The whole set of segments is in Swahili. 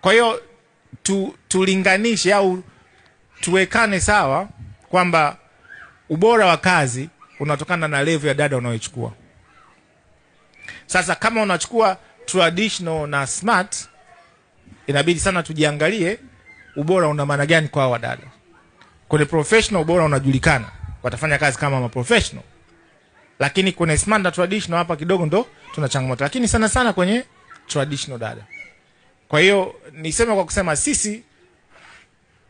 Kwa hiyo tu, tulinganishe au tuwekane sawa kwamba ubora wa kazi unatokana na levu ya dada unayochukua. Sasa kama unachukua traditional na smart, inabidi sana tujiangalie ubora una maana gani kwa wadada. Kwenye professional ubora unajulikana, watafanya kazi kama maprofessional, lakini kwenye smart na traditional hapa kidogo ndo tuna changamoto, lakini sana sana kwenye traditional dada kwa hiyo niseme kwa kusema sisi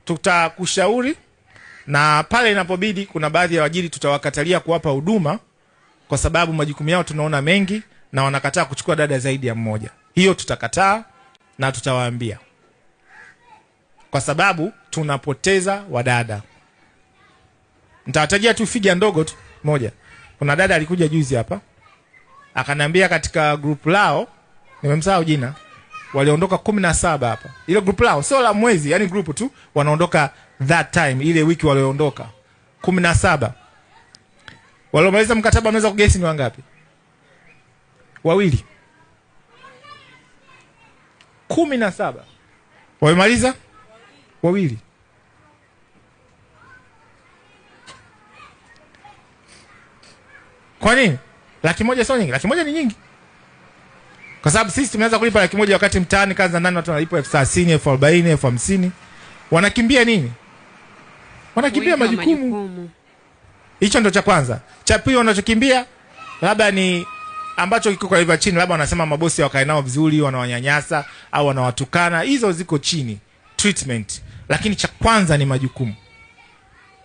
tutakushauri, na pale inapobidi, kuna baadhi ya waajiri tutawakatalia kuwapa huduma kwa sababu majukumu yao tunaona mengi na wanakataa kuchukua dada zaidi ya mmoja. Hiyo tutakataa na tutawaambia, kwa sababu tunapoteza wadada. Nitawatajia tu figa ndogo tu moja. Kuna dada alikuja juzi hapa akaniambia katika grupu lao, nimemsahau jina waliondoka kumi na saba hapa, ile grupu lao sio la mwezi, yani grupu tu wanaondoka that time, ile wiki walioondoka kumi na saba. Waliomaliza mkataba wanaweza kugesi ni wangapi? Wawili, kumi na saba wamemaliza wawili. Kwa nini laki moja sio nyingi? Laki moja ni nyingi. Kwa sababu sisi tumeanza kulipa laki moja wakati mtaani kazi za ndani watu wanalipa elfu thelathini, elfu arobaini, elfu hamsini. Wanakimbia nini? Wanakimbia majukumu. Hicho ndo cha kwanza. Cha pili wanachokimbia labda ni ambacho kiko kwa chini, labda wanasema mabosi wakae nao vizuri, wanawanyanyasa au wanawatukana. Hizo ziko chini treatment, lakini cha kwanza ni majukumu.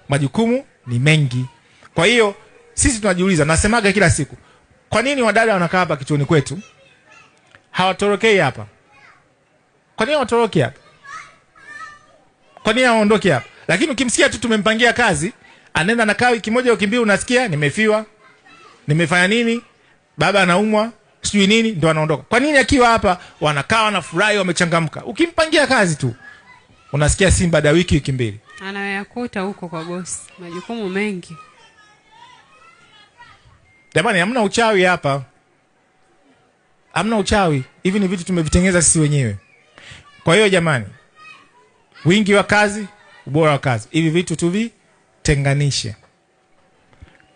Majukumu ni mengi. Kwa hiyo sisi tunajiuliza, nasemaga kila siku, kwa nini wadada wanakaa hapa kichoni kwetu hawatorokei hapa. Kwa nini hawatoroki hapa? Kwa nini hawaondoki hapa? Lakini ukimsikia tu tumempangia kazi, anaenda nakaa kawi kimoja, wiki mbili, unasikia nimefiwa, nimefanya nini, baba anaumwa, sijui nini, ndio anaondoka. Kwa nini akiwa hapa wanakaa furahi, wamechangamka? Ukimpangia kazi tu unasikia si baada ya wiki, wiki mbili, anayakuta huko kwa bosi, majukumu mengi. Jamani, hamna uchawi hapa hamna uchawi, hivi ni vitu tumevitengeneza sisi wenyewe. Kwa hiyo jamani, wingi wa kazi, ubora wa kazi, hivi vitu tuvitenganishe.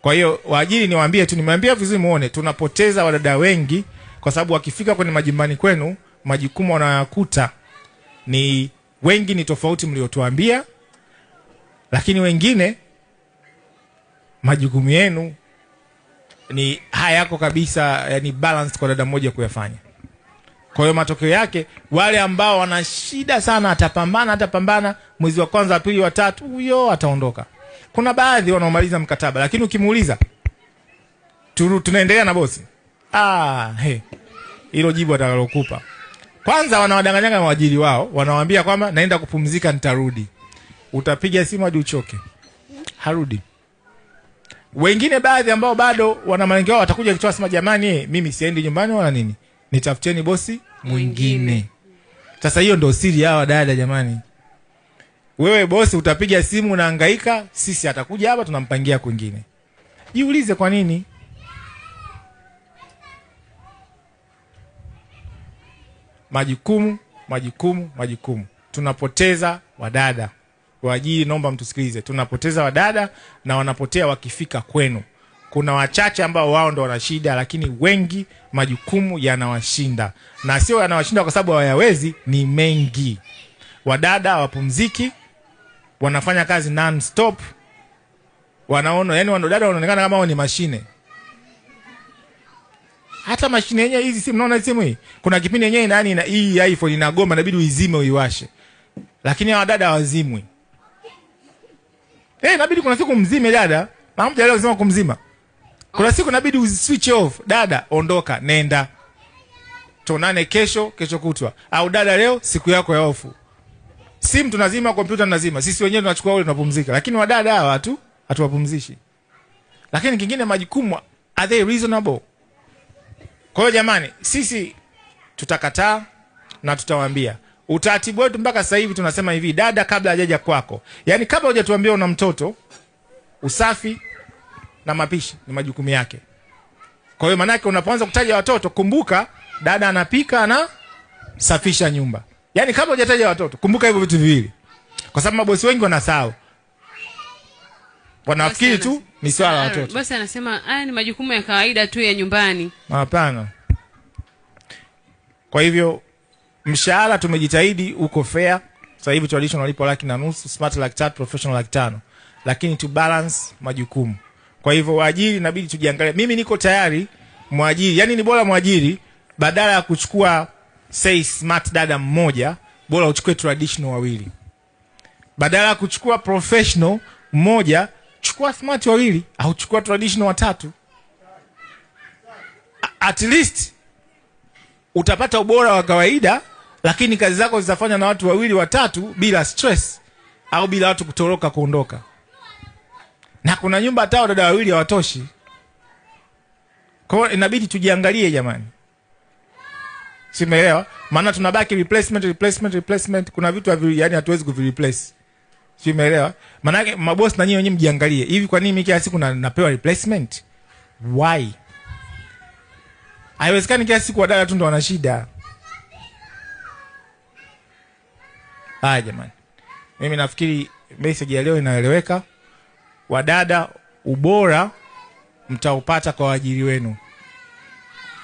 Kwa hiyo waajiri, niwaambie tu, nimeambia vizuri, muone tunapoteza wadada wengi, kwa sababu wakifika kwenye majumbani kwenu, majukumu wanayokuta ni wengi, ni tofauti mliotuambia, lakini wengine majukumu yenu ni haya yako kabisa, yani balance kwa dada mmoja kuyafanya. Kwa hiyo matokeo yake wale ambao wana shida sana, atapambana atapambana, mwezi wa kwanza, wa pili, wa tatu, huyo ataondoka. Kuna baadhi wanaomaliza mkataba, lakini ukimuuliza tunaendelea na bosi, ah, he, hilo jibu atakalokupa kwanza, wanawadanganyanga waajiri wao, wanawaambia kwamba naenda kupumzika, nitarudi. Utapiga simu hadi uchoke, harudi. Wengine baadhi ambao bado wana malengo yao watakuja kichwa sema, jamani, mimi siendi nyumbani wala nini, nitafuteni bosi mwingine. Sasa hiyo ndio siri yao dada, jamani. Wewe bosi utapiga simu unahangaika, sisi atakuja hapa tunampangia kwingine. Jiulize kwa nini? Majukumu, majukumu, majukumu. Tunapoteza wadada. Waajiri, naomba mtusikilize, tunapoteza wadada na wanapotea wakifika kwenu. Kuna wachache ambao wao ndo wana shida, lakini wengi majukumu yanawashinda, na sio yanawashinda kwa sababu hawayawezi, ni mengi. Wadada wapumziki, wanafanya kazi non stop, wanaona yani, wadada wanaonekana kama wao ni mashine hata mashine yenyewe hizi simu, naona simu hii, kuna kipindi yenyewe ndani hii iPhone inagoma, inabidi uizime uiwashe, lakini hawa dada hawazimwi. Eh, inabidi kuna siku mzime dada. Mama mjaelewa kusema kumzima. Kuna siku inabidi uswitch off, dada ondoka, nenda. Tonane kesho, kesho kutwa. Au dada leo siku yako ya ofu. Simu tunazima, kompyuta tunazima. Sisi wenyewe tunachukua ule tunapumzika. Lakini wadada hawa tu hatuwapumzishi. Lakini kingine majukumu are they reasonable? Kwa hiyo jamani, sisi tutakataa na tutawaambia Utaratibu wetu mpaka sasa hivi tunasema hivi, dada kabla hajaja kwako, yani kabla hujatuambia una mtoto, usafi na mapishi ni majukumu yake. Kwa hiyo maanake unapoanza kutaja watoto, kumbuka dada anapika na safisha nyumba. Yani kabla hujataja watoto, kumbuka hivyo vitu viwili, kwa sababu mabosi wengi wanasahau, wanafikiri tu ni swala la watoto. Bosi anasema haya ah, ni majukumu ya kawaida tu ya nyumbani. Hapana. Kwa hivyo Mshahara tumejitahidi uko fair. Sasa hivi traditional walipo laki na nusu, smart laki tatu, professional laki tano, lakini to balance majukumu. Kwa hivyo waajiri inabidi tujiangalie. Mimi niko tayari mwajiri, yani ni bora mwajiri badala ya kuchukua say smart dada mmoja, bora uchukue traditional wawili. Badala ya kuchukua professional mmoja, chukua smart wawili au chukua traditional watatu. At least utapata ubora wa kawaida lakini kazi zako zitafanywa na watu wawili watatu bila stress au bila watu kutoroka kuondoka. Na kuna nyumba hata wadada wawili hawatoshi. Kwa hiyo inabidi tujiangalie jamani. Simeelewa? Maana tunabaki replacement replacement replacement, kuna vitu havi, yani hatuwezi kuvireplace. Simeelewa? Maana yake mabosi na nyinyi wenyewe mjiangalie. Hivi kwa nini mimi kila siku napewa replacement? Why? Haiwezekani kila siku wadada tu ndo wana shida. Haya jamani, mimi nafikiri message ya leo inaeleweka. Wadada, ubora mtaupata kwa waajiri wenu.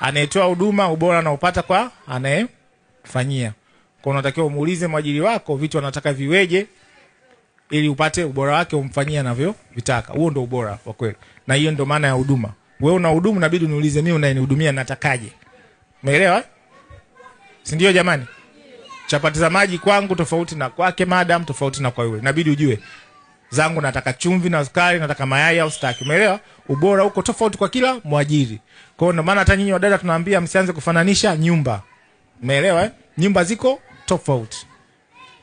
Anayetoa huduma ubora anaupata kwa anayefanyia. Kwa unatakiwa umuulize mwajiri wako vitu anataka viweje, ili upate ubora wake umfanyie vitaka Huo ndo ubora wa kweli, na hiyo ndo maana ya huduma. Wewe una huduma, nabidi uniulize mimi unayenihudumia natakaje? Umeelewa, si ndio jamani? Chapati za maji kwangu tofauti na kwake madam, tofauti na kwa yule. Inabidi ujue zangu nataka chumvi na sukari, nataka mayai au sitaki. Umeelewa? Ubora uko tofauti kwa kila mwajiri. Kwa hiyo ndio maana hata nyinyi wadada tunawaambia msianze kufananisha nyumba. Umeelewa eh? Nyumba ziko tofauti.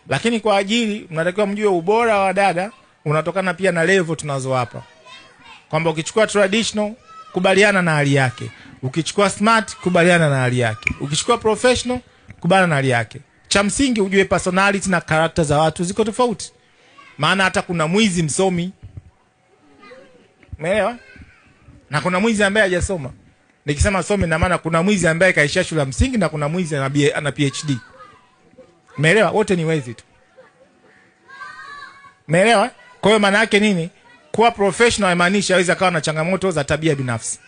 Lakini kwa ajili mnatakiwa mjue ubora wa dada unatokana pia na level tunazowapa. Kwamba ukichukua traditional kubaliana na hali yake. Ukichukua smart kubaliana na hali yake. Ukichukua professional kubaliana na hali yake. Cha msingi ujue personality na karakta za watu ziko tofauti, maana hata kuna mwizi msomi, umeelewa, na kuna mwizi ambaye hajasoma. Nikisema somi, na maana kuna mwizi ambaye kaisha shule ya msingi na kuna mwizi ana PhD, umeelewa? Wote ni wezi tu, umeelewa? Kwa hiyo maana yake nini? Kuwa professional haimaanishi aweza kawa na changamoto za tabia binafsi.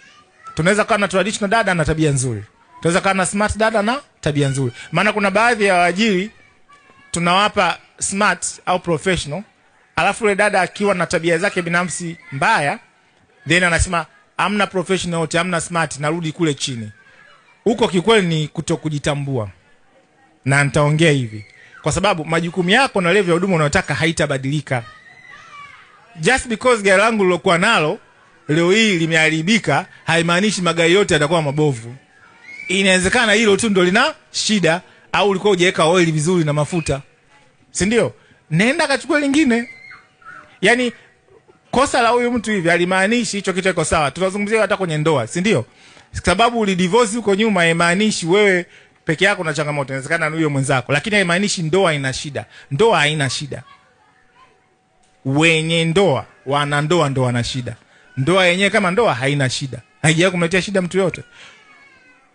Tunaweza kawa na traditional dada na tabia nzuri Tunaweza na smart dada na tabia nzuri. Maana kuna baadhi ya waajiri tunawapa smart au professional, alafu yule dada akiwa na tabia zake binafsi mbaya, then anasema amna professional amna smart, narudi kule chini. Huko kikweli ni kutokujitambua, na nitaongea hivi kwa sababu majukumu yako na level ya huduma unayotaka haitabadilika. Just because gari langu lilokuwa nalo leo hii limeharibika, haimaanishi magari yote yatakuwa mabovu. Inawezekana hilo tu ndo lina shida, au ulikuwa hujaweka oil vizuri na mafuta, si ndio? Nenda kachukua lingine. Yani kosa la huyu mtu hivi alimaanishi hicho kitu kiko sawa. Tutazungumzia hata kwenye ndoa, si ndio? Sababu uli divorce huko nyuma, haimaanishi wewe peke yako na changamoto, inawezekana huyo mwenzako, lakini haimaanishi ndoa ina shida. Ndoa haina shida. Wenye ndoa, wana ndoa ndo wana shida. Ndoa yenyewe kama ndoa haina shida, haijawahi kumletea shida mtu yote.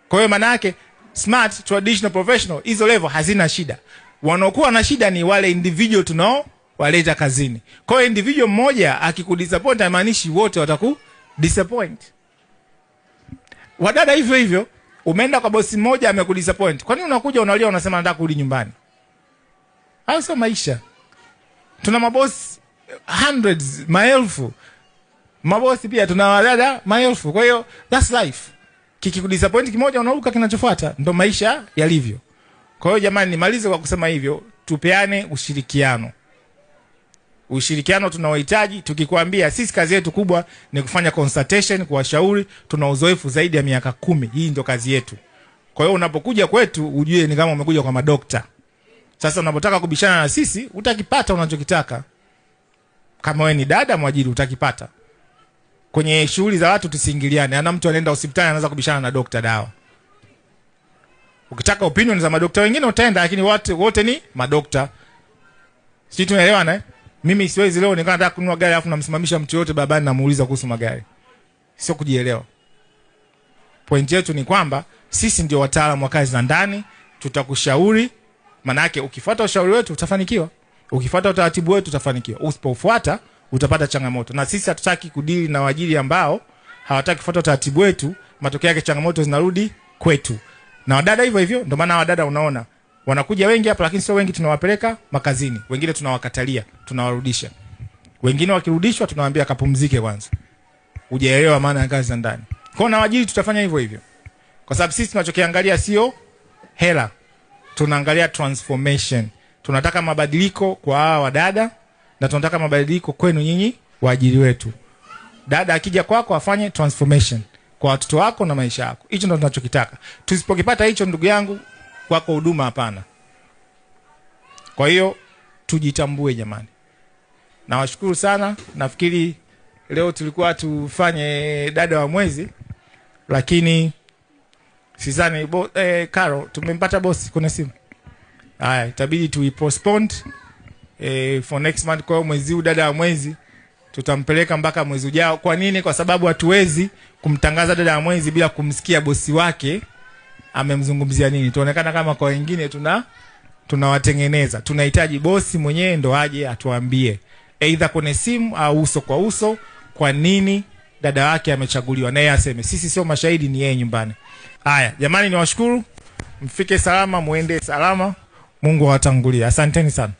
Kwa hiyo maana yake smart, traditional, professional hizo level hazina shida. Wanaokuwa na shida ni wale individual tunao waleta kazini. Kwa hiyo individual mmoja akikudisappoint haimaanishi wote wataku disappoint. Wadada hivyo hivyo, umeenda kwa bosi mmoja amekudisappoint. Kwa nini unakuja unalia unasema nataka kurudi nyumbani? Hayo sio maisha. Tuna mabosi eh, hundreds, maelfu. Mabosi pia tuna wadada maelfu. Kwa hiyo that's life kikikudisappoint kimoja unauka kinachofuata, ndo maisha yalivyo. Kwa hiyo jamani, nimalize kwa kusema hivyo, tupeane ushirikiano. Ushirikiano tunaohitaji, tukikwambia sisi kazi yetu kubwa ni kufanya consultation, kuwashauri. Tuna uzoefu zaidi ya miaka kumi, hii ndo kazi yetu. Kwa hiyo unapokuja kwetu ujue ni kama umekuja kwa madokta. Sasa unapotaka kubishana na sisi, utakipata unachokitaka. Kama wewe ni dada mwajiri, utakipata kwenye shughuli za watu tusiingiliane. Ana mtu anaenda hospitali anaanza kubishana na dokta dawa. Ukitaka opinion za madokta wengine utaenda, lakini watu wote ni madokta. Sisi tunaelewana eh? Mimi siwezi leo nikaa nataka kununua gari alafu namsimamisha mtu yote babani namuuliza kuhusu magari. Sio kujielewa. Point yetu ni kwamba sisi ndio wataalamu wa kazi za ndani, tutakushauri. Maana yake ukifuata ushauri wetu utafanikiwa, ukifuata utaratibu wetu utafanikiwa, usipofuata utapata changamoto, na sisi hatutaki kudili na waajiri ambao hawataki kufuata utaratibu wetu. Matokeo yake changamoto zinarudi kwetu, na wadada hivyo hivyo. Ndio maana wadada unaona wanakuja wengi hapa, lakini sio wengi tunawapeleka makazini, wengine tunawakatalia, tunawarudisha. Wengine wakirudishwa tunawaambia kapumzike kwanza, hujaelewa maana ya kazi za ndani. Kwa na waajiri tutafanya hivyo hivyo, kwa sababu sisi tunachokiangalia sio hela, tunaangalia transformation. Tunataka mabadiliko kwa hawa wadada na tunataka mabadiliko kwenu nyinyi waajiri wetu. Dada akija kwako afanye transformation kwa watoto wako na maisha yako. Hicho ndo tunachokitaka. Tusipokipata hicho, ndugu yangu, kwako huduma hapana. Kwa hiyo tujitambue jamani. Nawashukuru sana. Nafikiri leo tulikuwa tufanye dada wa mwezi, lakini sidhani bo, eh, Karo tumempata bosi kuna simu. Haya, itabidi tuipostpone e, for next month. Kwa hiyo mwezi huu dada wa mwezi tutampeleka mpaka mwezi ujao. Kwa nini? Kwa sababu hatuwezi kumtangaza dada wa mwezi bila kumsikia bosi wake amemzungumzia nini. Tuonekana kama kwa wengine tuna tunawatengeneza. Tunahitaji bosi mwenyewe ndo aje atuambie aidha kwenye simu au uso kwa uso, kwa nini dada wake amechaguliwa, naye aseme sisi sio mashahidi, ni yeye nyumbani. Haya jamani, niwashukuru, mfike salama, muende salama. Mungu awatangulie. Asanteni sana.